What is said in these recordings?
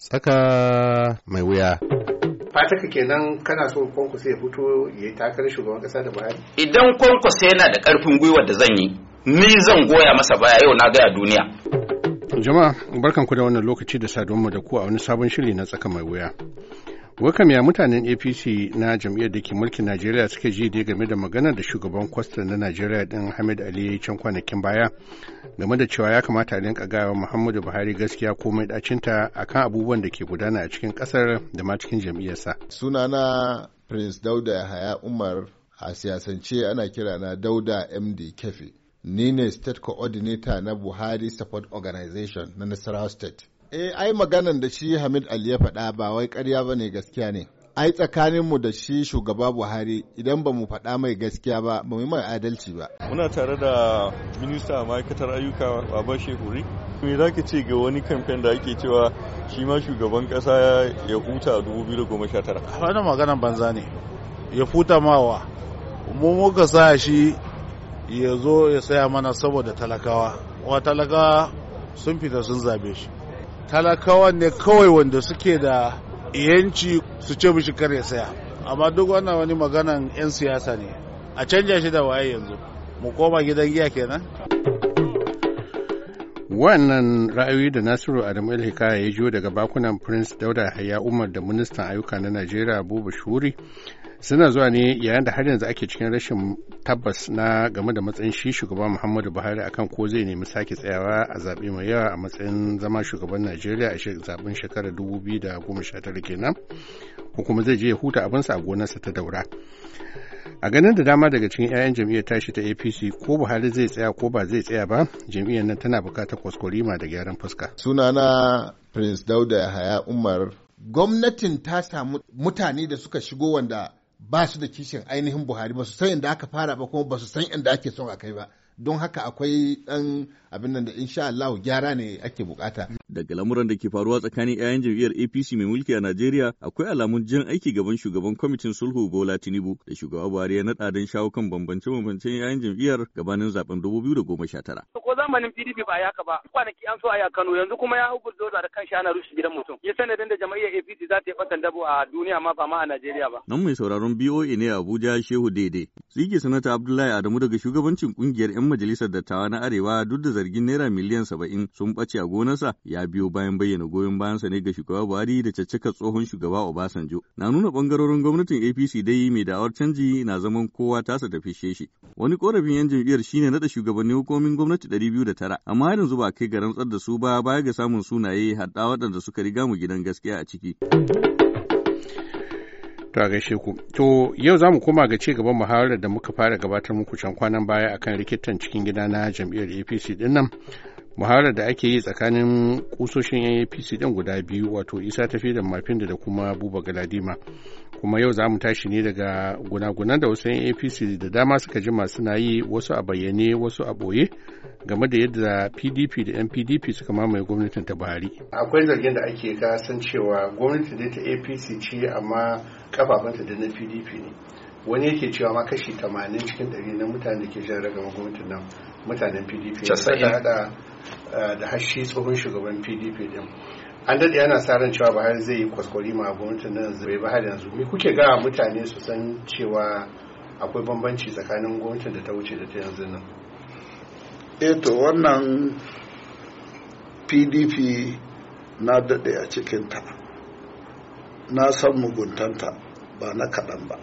Tsaka mai wuya. fataka kenan kana so kwankwasa ya fito ya yi takarar shugaban kasa da buhari idan kwankwasa yana da karfin gwiwa da zan yi ni zan goya masa baya yau na gaya duniya jama'a barkan ku da wannan lokaci da saduwanmu da ku a wani sabon shiri na tsaka mai wuya Wakam ya mutanen APC na jam'iyyar da ke mulkin Najeriya suke ji da game da magana da shugaban kwastar na Najeriya din Hamid Ali ya yi can kwanakin baya game da cewa ya kamata a linka gawa Muhammadu Buhari gaskiya komai dacinta kan abubuwan da ke gudana a cikin kasar da ma cikin jam'iyyarsa. Sunana Prince Dauda Yahaya Umar a siyasance ana kira na Dauda MD Kefi. Ni ne State Coordinator na Buhari Support Organization na Nasarawa State. Eh, ai maganan da shi Hamid Ali ya faɗa ba wai ƙarya ba ne gaskiya ne. Ai tsakaninmu da shi shugaba Buhari idan ba mu faɗa mai gaskiya ba, ba mai adalci ba. Muna tare da minista ma'aikatar ayyuka Baba Shehuri. Me za ka ce ga wani kamfen da ake cewa shi ma shugaban ƙasa ya huta a 2019? Wannan maganan banza ne. Ya futa mawa. Mu muka sa shi ya zo ya saya mana saboda talakawa. Wa talakawa sun fita sun zabe shi. talakawa ne kawai wanda suke da yanci su ce mishi kar ya saya amma duk wannan wani maganan 'yan siyasa ne a canja shi da waye yanzu mu koma gidan giya kenan wannan ra'ayoyi da nasiru adamu hikaya ya jiyo daga bakunan prince dauda haya umar da ministan ayyuka na najeriya buba shuri suna zuwa ne yayin da har yanzu ake cikin rashin tabbas na game da matsayin shi shugaban muhammadu buhari akan ko zai nemi sake tsayawa a zaɓe mai yawa a matsayin zama shugaban najeriya a zaɓen shekarar 2019 kenan ko kuma zai je ya huta sa a gonarsa ta daura a ganin da dama daga cikin 'ya'yan jam'iyyar tashi ta apc ko buhari zai tsaya ko ba zai tsaya ba jam'iyyar nan tana bukatar kwaskwarima da gyaran fuska sunana prince dauda yahaya umar gwamnatin ta samu mutane da suka shigo wanda ba su da kishin ainihin buhari ba su san inda aka fara ba kuma ba su san inda ake son a kai ba don haka akwai dan abin nan da insha Allah gyara ne ake bukata Daga lamuran da ke faruwa tsakanin 'ya'yan jam'iyyar APC mai mulki a Najeriya akwai alamun jan aiki gaban shugaban kwamitin sulhu Bola Tinubu da shugaba Buhari ya naɗa don shawo kan bambance-bambancen 'ya'yan jam'iyyar gabanin zaben 2019. Ko zamanin PDP ba yaka ba kwanaki an so a ya Kano yanzu kuma ya hau bulldozer da kanshi ana rushe gidan mutum. Ya sanadin da jam'iyyar APC za ta yi batan dabo a duniya ma ba ma a Najeriya ba. Nan mai sauraron BOA ne Abuja Shehu daidai Tsige sanata Abdullahi Adamu daga shugabancin kungiyar 'yan majalisar dattawa na Arewa duk da zargin naira miliyan saba'in sun ɓace a gonarsa ya ya biyo bayan bayyana goyon bayansa ne ga shugaba Buhari da caccakar tsohon shugaba Obasanjo. Na nuna bangarorin gwamnatin APC dai mai da'awar canji na zaman kowa tasa tafi shi. Wani korafin yan jam'iyyar shine nada shugabannin hukumomin gwamnati da tara amma yanzu ba kai ga rantsar da su ba baya ga samun sunaye hadda waɗanda suka riga mu gidan gaskiya a ciki. To ku. To yau za mu koma ga ci gaban muhawarar da muka fara gabatar muku can kwanan baya akan rikitan cikin gida na jam'iyyar APC din nan. muharar da ake yi tsakanin kusoshin apc din guda biyu wato isa tafi da mafinda da kuma buba galadima kuma yau za mu tashi ne daga gunagunan da wasu apc da dama suka jima suna yi wasu a bayyane wasu a boye game da yadda pdp da npdp suka mamaye gwamnatin ta buhari akwai zargin da ake ga san cewa gwamnati da ta apc ce amma kafafanta da na pdp ne wani yake cewa ma kashi 80 cikin 100 na mutane da ke jan ragama gwamnatin nan mutanen pdp ne hada. Eh, da hashi tsohon shugaban pdp din an daɗe yana sa ran cewa buhari zai yi kwaskwari ma gwamnatin nan zai ba har yanzu me kuke ga mutane su san cewa akwai bambanci tsakanin gwamnatin da ta wuce da ta yanzu nan eh to wannan pdp na daɗe a cikinta na san muguntanta ba na kaɗan ba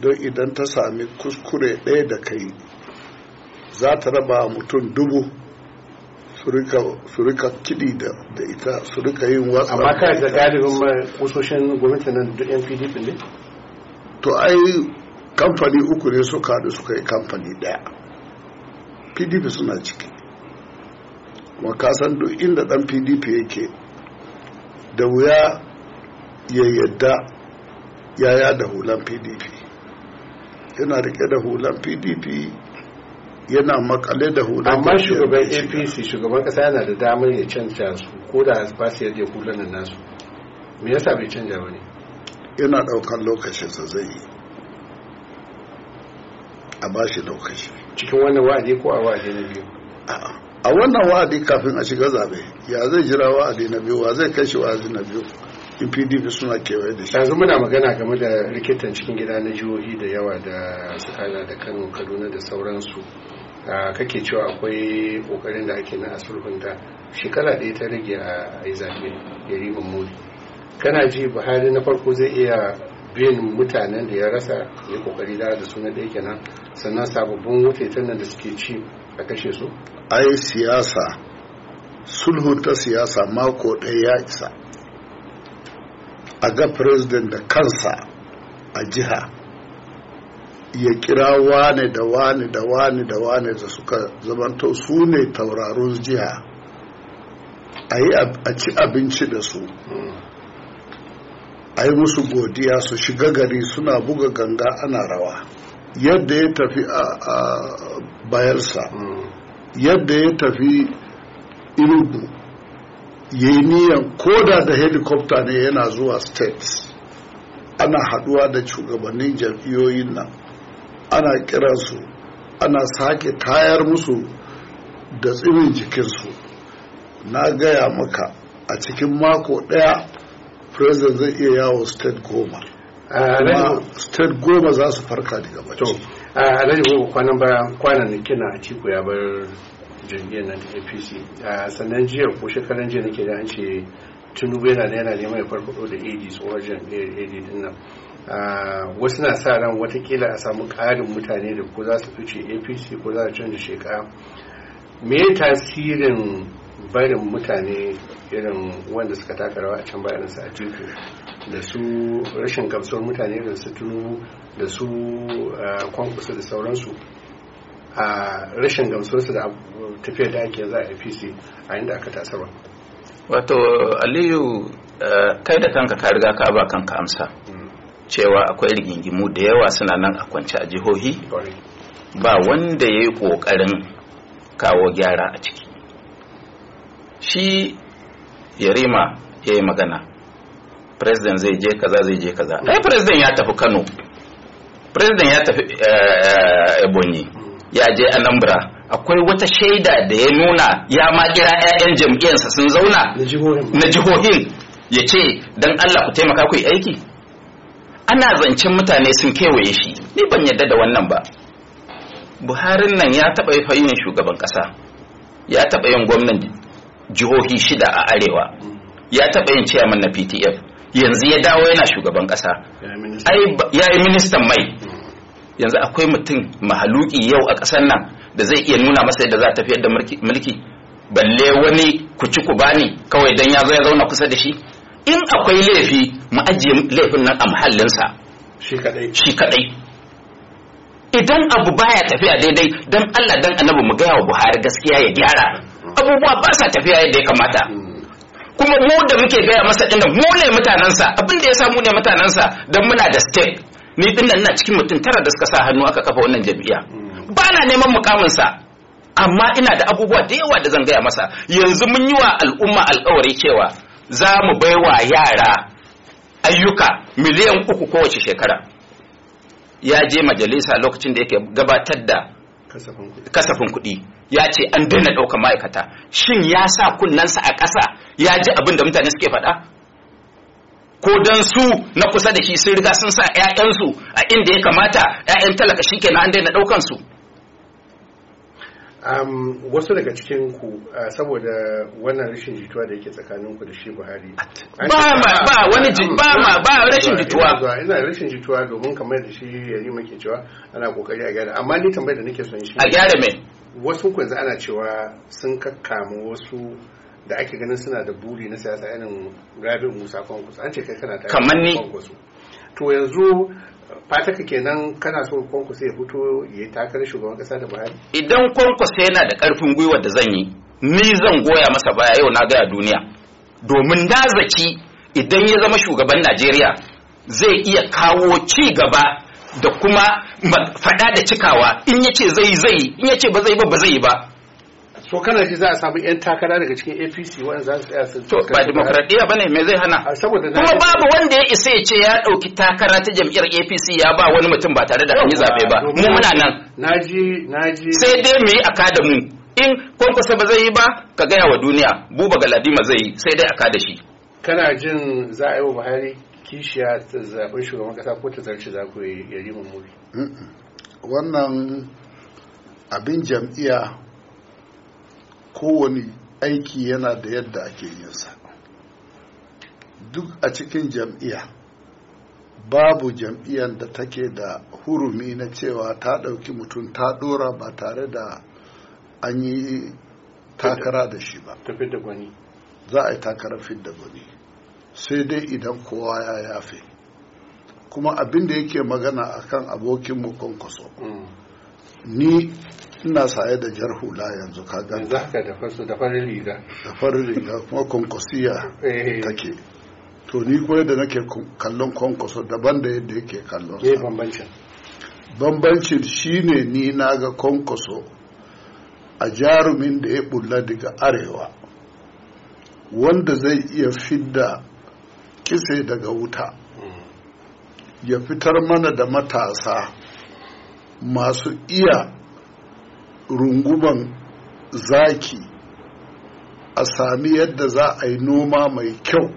don idan ta sami kuskure ɗaya da kai za ta raba mutum dubu su rika kiɗi da ita su rika yin watsa amma kai da galibin kusoshin gwamnati nan duk yan pdp ne to ai kamfani uku ne suka haɗu suka yi kamfani ɗaya pdp suna ciki kuma ka san duk inda ɗan pdp yake da wuya ya yadda yaya da hulan pdp yana rike da hulan pdp yana makale da hular amma shugaban apc shugaban kasa yana da damar ya canja su ko da ba su yadda kula nan nasu me yasa bai canja ba ne yana daukan lokaci sa zai yi a ba shi lokaci cikin wannan wa'adi ko a wa'adi na biyu a wannan wa'adi kafin a shiga zabe ya zai jira wa'adi na biyu wa zai kai shi wa'adi na biyu in e pdp suna kewaye da shi yanzu muna magana game da rikitan cikin gida na jihohi da yawa da suka da kano kaduna da sauransu a kake cewa akwai kokarin da ake na asulhunta shekara ɗaya ta rage a yi zaɓe ya riba muri kana ji buhari na farko zai iya bin mutanen da ya rasa ya kokari da da suna ɗaya kenan sannan sababbin wutaitan nan da suke ci a kashe su ai siyasa sulhu ta siyasa mako ɗaya ya isa a ga president da kansa a jiha ya kira wane da wane da wane da wane da suka zamanta su ne tauraron jiha a yi a ci abinci da su a yi musu godiya su shiga gari suna buga ganga ana rawa yadda ya tafi a bayarsa yadda ya tafi irubu ya yi niyan koda da helikopta ne yana zuwa states ana haduwa da shugabannin jam'iyyoyin nan ana kiransu ana sake tayar musu da tsirin jikinsu na gaya maka a cikin mako daya president zai iya yawo state goma ah, kuma state goma za su farka daga bacci a ah, rajin kwanan baya kwanan kina a tiku ya bar jirgin nan apc ah, sannan jiya ko shekaran jiya nake da an ce tunubu yana da yana neman ya farko da ad tsohon jam'iyyar ad din nan Ah, wasu na sa ran watakila a samu ƙarin mutane da ko za su fice apc ko za su canza shekara me tasirin barin mutane irin wanda suka taka rawa a can bayan sa a jikin da su rashin gamsuwar mutane da su tunu da su ah, kwankusa da sauransu a ah, rashin gamsuwar su da tafiya da ake za a apc a inda aka tasa ba. wato aliyu kai da kanka ka riga ka ba kanka amsa cewa akwai rigingimu da yawa suna nan a kwance a jihohi ba wanda ya yi ƙoƙarin kawo gyara a ciki shi yarima ya yi magana president zai je kaza zai je kaza ai president ya tafi kano president ya tafi eh, ebonyi ya je anambra akwai wata shaida da ya nuna ya ma kira 'ya'yan jam'iyyarsa sun zauna na jihohin ya ce don allah ku taimaka ku yi aiki ana zancen mutane sun kewaye shi ni ban yarda da wannan ba buharin nan ya taɓa yin shugaban ƙasa ya taɓa yin gwamnan jihohi shida a arewa ya taɓa yin ciyaman na ptf yanzu ya dawo yana shugaban ƙasa ya yi ministan mai yanzu akwai mutum mahaluki yau a ƙasar nan da zai iya nuna masa yadda za ta tafiyar da mulki balle wani kuci ku bani kawai don ya zo ya zauna kusa da shi in akwai laifi mu laifin nan a muhallinsa shi kadai idan abu baya tafiya daidai don Allah dan annabi mu gaya wa Buhari gaskiya ya gyara abubuwa ba sa tafiya yadda ya kamata kuma mu da muke gaya masa ina mu ne mutanensa abin da ya samu ne mutanensa don muna da step ni dinnan ina cikin mutum tara da suka sa hannu aka kafa wannan jami'a ba na neman mukaminsa amma ina da abubuwa da yawa da zan gaya masa yanzu mun yi wa al'umma alkawari cewa za mu baiwa yara ayyuka miliyan uku kowace shekara ya je majalisa lokacin da yake gabatar da kasafin kuɗi ya ce an daina ɗaukar ma'aikata shin ya sa kunnensa a ƙasa ya ji abin da mutane suke faɗa ko don su na kusa da shi sun riga sun sa 'ya'yansu a inda ya kamata 'ya'yan talaka shi kenan an daina ɗaukansu su Um, wasu daga cikin ku uh, eh, saboda wannan rashin jituwa da yake tsakanin ku da shi Buhari. Ba ma ba wani ba ma ba rashin jituwa. Ina rashin jituwa domin kamar da shi yayi muke cewa ana kokari a gyara amma ni tambayar da nake son shi. A gyara me? Wasu ku yanzu ana cewa sun kakkama wasu da ake ganin suna da buri na siyasa irin rabin Musa Kwankwaso an ce kai kana tare da Kwankwaso. To yanzu fataka kenan kana so kwankwasa ya fito ya takarar shugaban kasa da buhari idan kwankwasa yana da karfin gwiwa da zan yi ni zan goya masa baya yau na gaya duniya domin na zaci idan ya zama shugaban najeriya zai iya kawo ci gaba da kuma fada da cikawa in yace zai zai in yace ba zai ba ba zai ba so kana ji za a samu yan takara daga cikin APC wanda za su tsaya su to ba demokradiya bane me zai hana saboda kuma babu wanda ya isa ya ce ya dauki takara ta jam'iyyar APC ya ba wani mutum ba tare da an yi zabe ba mu muna nan naji naji sai dai mu yi aka da mu in kwankwasa ba zai yi ba ka gaya wa duniya buba galadima zai yi sai dai aka da shi kana jin za a yi wa Buhari kishiya ta zaben shugaban kasa ko ta zarce za ku yi yari mummuri wannan abin jam'iyya kowane aiki yana da yadda ake yinsa duk a cikin jam'iyya babu jam'iyyar da take da hurumi na cewa ta ɗauki mutum ta ɗora ba tare da an yi takara da shi ba za a yi takara takarar da gwani sai dai idan kowa ya yafe kuma abin da yake magana akan abokin mu kwankwaso mm. ni ina saye da jar hula yanzu ka ga da fasu da farin riga da farin riga kuma konkosiya eh. take to ni ko da nake kallon konkoso daban da yadda yake kallon sa bambancin bambancin shine ni na ga konkoso a jarumin da ya bulla daga arewa wanda zai iya fidda kise daga wuta mm. ya fitar mana da matasa masu iya runguman zaki a sami yadda za a yi noma mai kyau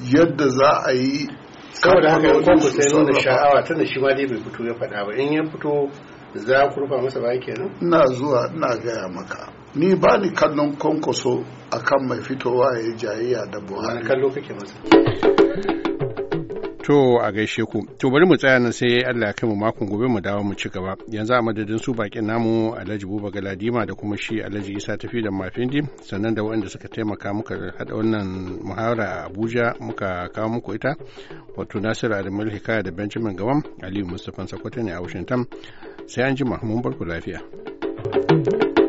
yadda za a yi saboda haka yankon ku sai nuna sha'awa tun da shi ma dai bai fito ya faɗa ba in ya fito za ku rufa masa ba kenan ina zuwa ina gaya maka ni ba ni kallon kwankwaso akan mai fitowa ya yi jayayya da buhari kallo kake masa To a gaishe ku. To bari mu tsaya nan sai Allah ya kaimu makon gobe mu dawo mu ci gaba. Yanzu a madadin su bakin namu Alhaji Buba Galadima da kuma shi Alhaji Isa Tafi da Mafindi sannan da waɗanda suka taimaka muka haɗa wannan muhawara a Abuja muka kawo muku ita. Wato Nasiru Adamul Hikaya da Benjamin Gawam Aliyu Mustapha Sakwato ne a Washington. Sai an ji mun barku lafiya. thank you